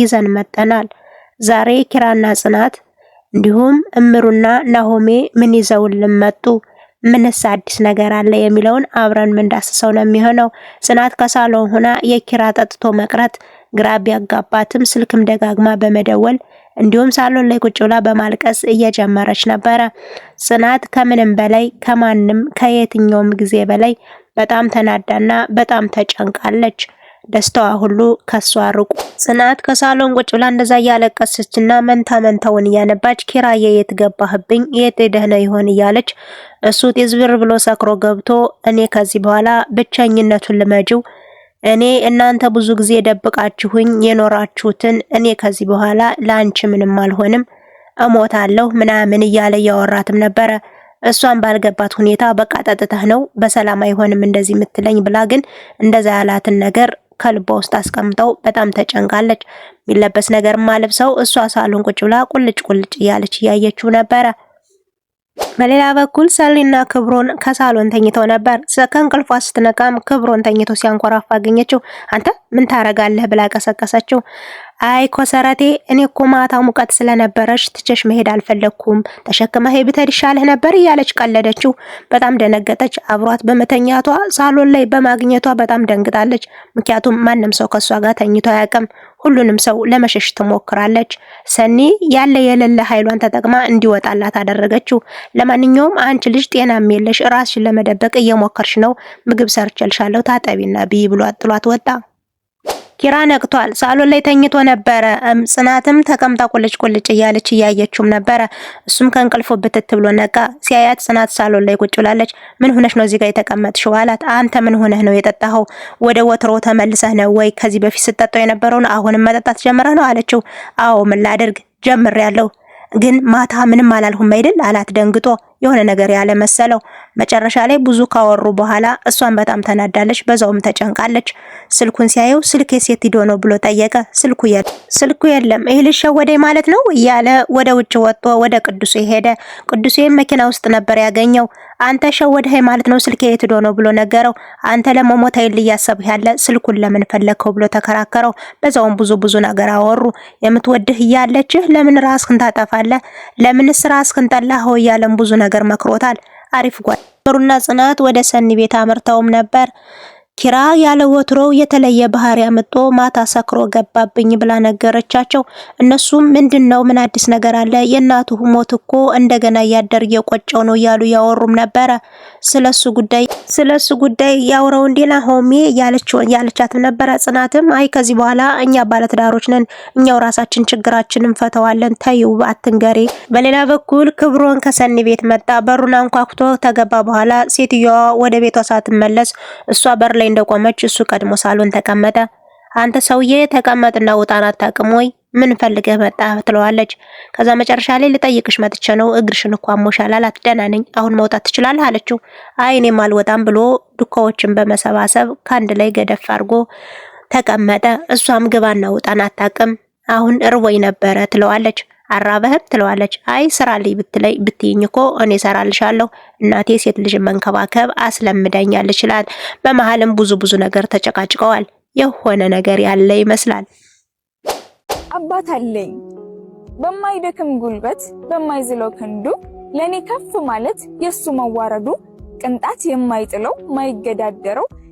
ይዘን መጠናል። ዛሬ ኪራና ጽናት እንዲሁም እምሩና ናሆሜ ምን ይዘውልን መጡ፣ ምንስ አዲስ ነገር አለ የሚለውን አብረን ምንዳስሰው ነው የሚሆነው። ጽናት ከሳሎን ሆና የኪራ ጠጥቶ መቅረት ግራ ቢያጋባትም ስልክም ደጋግማ በመደወል እንዲሁም ሳሎን ላይ ቁጭ ብላ በማልቀስ እየጀመረች ነበረ። ጽናት ከምንም በላይ ከማንም ከየትኛውም ጊዜ በላይ በጣም ተናዳና በጣም ተጨንቃለች። ደስታዋ ሁሉ ከሷ ርቁ። ጽናት ከሳሎን ቁጭ ብላ እንደዛ እያለቀሰችና መንታ መንታውን እያነባች ኪራዬ የት ገባህብኝ የት ደህነ ይሆን እያለች እሱ ጤዝብር ብሎ ሰክሮ ገብቶ እኔ ከዚህ በኋላ ብቸኝነቱን ልመጅው እኔ እናንተ ብዙ ጊዜ ደብቃችሁኝ የኖራችሁትን እኔ ከዚህ በኋላ ለአንቺ ምንም አልሆንም እሞታለሁ ምናምን እያለ እያወራትም ነበረ። እሷን ባልገባት ሁኔታ በቃ ጠጥተህ ነው በሰላም አይሆንም እንደዚህ የምትለኝ ብላ ግን እንደዛ ያላትን ነገር ከልቧ ውስጥ አስቀምጠው በጣም ተጨንቃለች። የሚለበስ ነገር ማለብሰው እሷ ሳሎን ቁጭ ብላ ቁልጭ ቁልጭ እያለች እያየችው ነበረ። በሌላ በኩል ሰሊና ክብሮን ከሳሎን ተኝተው ነበር። ከእንቅልፏ ስትነቃም ክብሮን ተኝቶ ሲያንኮራፋ አገኘችው። አንተ ምን ታረጋለህ ብላ ቀሰቀሰችው። አይ ኮሰረቴ፣ እኔ እኮ ማታው ሙቀት ስለነበረሽ ትቼሽ መሄድ አልፈለግኩም፣ ተሸክመ ሄ ብትሄድ ይሻልህ ነበር እያለች ቀለደችው። በጣም ደነገጠች። አብሯት በመተኛቷ ሳሎን ላይ በማግኘቷ በጣም ደንግጣለች። ምክንያቱም ማንም ሰው ከእሷ ጋር ተኝቶ አያውቅም። ሁሉንም ሰው ለመሸሽ ትሞክራለች። ሰኒ ያለ የሌለ ኃይሏን ተጠቅማ እንዲወጣላት አደረገችው። ለማንኛውም አንቺ ልጅ ጤናም የለሽ ራስሽን ለመደበቅ እየሞከርሽ ነው፣ ምግብ ሰርቼልሻለሁ ታጠቢና ብይ ብሏት ጥሏት ወጣ። ኪራ ነቅቷል። ሳሎን ላይ ተኝቶ ነበረ። ጽናትም ተቀምጣ ቁልጭ ቁልጭ እያለች እያየችውም ነበረ። እሱም ከእንቅልፉ ብትት ብሎ ነቃ። ሲያያት ጽናት ሳሎን ላይ ቁጭ ብላለች። ምን ሆነሽ ነው እዚህ ጋር የተቀመጥሽው? አላት። አንተ ምን ሆነህ ነው የጠጣኸው? ወደ ወትሮ ተመልሰህ ነው ወይ? ከዚህ በፊት ስጠጣው የነበረውን አሁንም መጠጣት ጀምረህ ነው አለችው። አዎ ምን ላደርግ ጀምሬያለሁ፣ ግን ማታ ምንም አላልሁም አይደል አላት ደንግጦ የሆነ ነገር ያለ መሰለው። መጨረሻ ላይ ብዙ ካወሩ በኋላ እሷን በጣም ተናዳለች፣ በዛውም ተጨንቃለች። ስልኩን ሲያየው ስልክ የሴት ሂዶ ነው ብሎ ጠየቀ። ስልኩ የለ ስልኩ የለም ይሄ ልጅ ሸወደኝ ማለት ነው እያለ ወደ ውጭ ወጥቶ ወደ ቅዱሴ ሄደ። ቅዱሴም መኪና ውስጥ ነበር ያገኘው። አንተ ሸወደኸኝ ማለት ነው ስልክ የት ሂዶ ነው ብሎ ነገረው። አንተ ለመሞት አይል እያሰብህ ያለ ስልኩን ለምን ፈለግከው ብሎ ተከራከረው። በዛውም ብዙ ብዙ ነገር አወሩ። የምትወድህ እያለችህ ለምን ራስህን ታጠፋለህ? ለምንስ ራስህን ጠላኸው? እያለም ብዙ ነገር ነገር መክሮታል። አሪፍ ጓል ሩና ጽናት ወደ ሰኒ ቤት አምርተውም ነበር። ኪራ ያለ ወትሮው የተለየ ባህሪ አምጦ ማታ ሰክሮ ገባብኝ ብላ ነገረቻቸው። እነሱም ምንድነው? ምን አዲስ ነገር አለ? የእናቱ ሞት እኮ እንደገና እያደር እየቆጨው ነው እያሉ ያወሩም ነበረ። ስለሱ ጉዳይ ስለሱ ጉዳይ ያውረው እንዲላ ሆሜ ያለችውን ያለቻት ነበረ። ጽናትም አይ ከዚህ በኋላ እኛ ባለትዳሮች ነን፣ እኛው ራሳችን ችግራችንን ፈተዋለን፣ ተይው አትንገሪ። በሌላ በኩል ክብሮን ከሰኒ ቤት መጣ። በሩን አንኳኩቶ ተገባ። በኋላ ሴትዮዋ ወደ ቤቷ ሳትመለስ እሷ በር ላይ እንደቆመች እሱ ቀድሞ ሳሎን ተቀመጠ። አንተ ሰውዬ ተቀመጥና ውጣን አታቅም ወይ ምን ፈልገህ መጣ ትለዋለች። ከዛ መጨረሻ ላይ ልጠይቅሽ መጥቼ ነው እግርሽን እኮ አሞሻል አላት። ደህና ነኝ አሁን መውጣት ትችላለህ አለችው። አይ እኔም አልወጣም ብሎ ዱካዎችን በመሰባሰብ ከአንድ ላይ ገደፍ አድርጎ ተቀመጠ። እሷም ግባና ውጣን አታውቅም አሁን እርቦኝ ነበረ ትለዋለች። አራበህም ትለዋለች። አይ ስራ ላይ ብትለይ ብትይኝ እኮ እኔ ሰራልሻለሁ እናቴ ሴት ልጅ መንከባከብ አስለምዳኛለች ይችላል። በመሀልም ብዙ ብዙ ነገር ተጨቃጭቀዋል። የሆነ ነገር ያለ ይመስላል። አባት አለኝ። በማይደክም ጉልበት በማይዝለው ክንዱ ለኔ ከፍ ማለት የሱ መዋረዱ ቅንጣት የማይጥለው ማይገዳደረው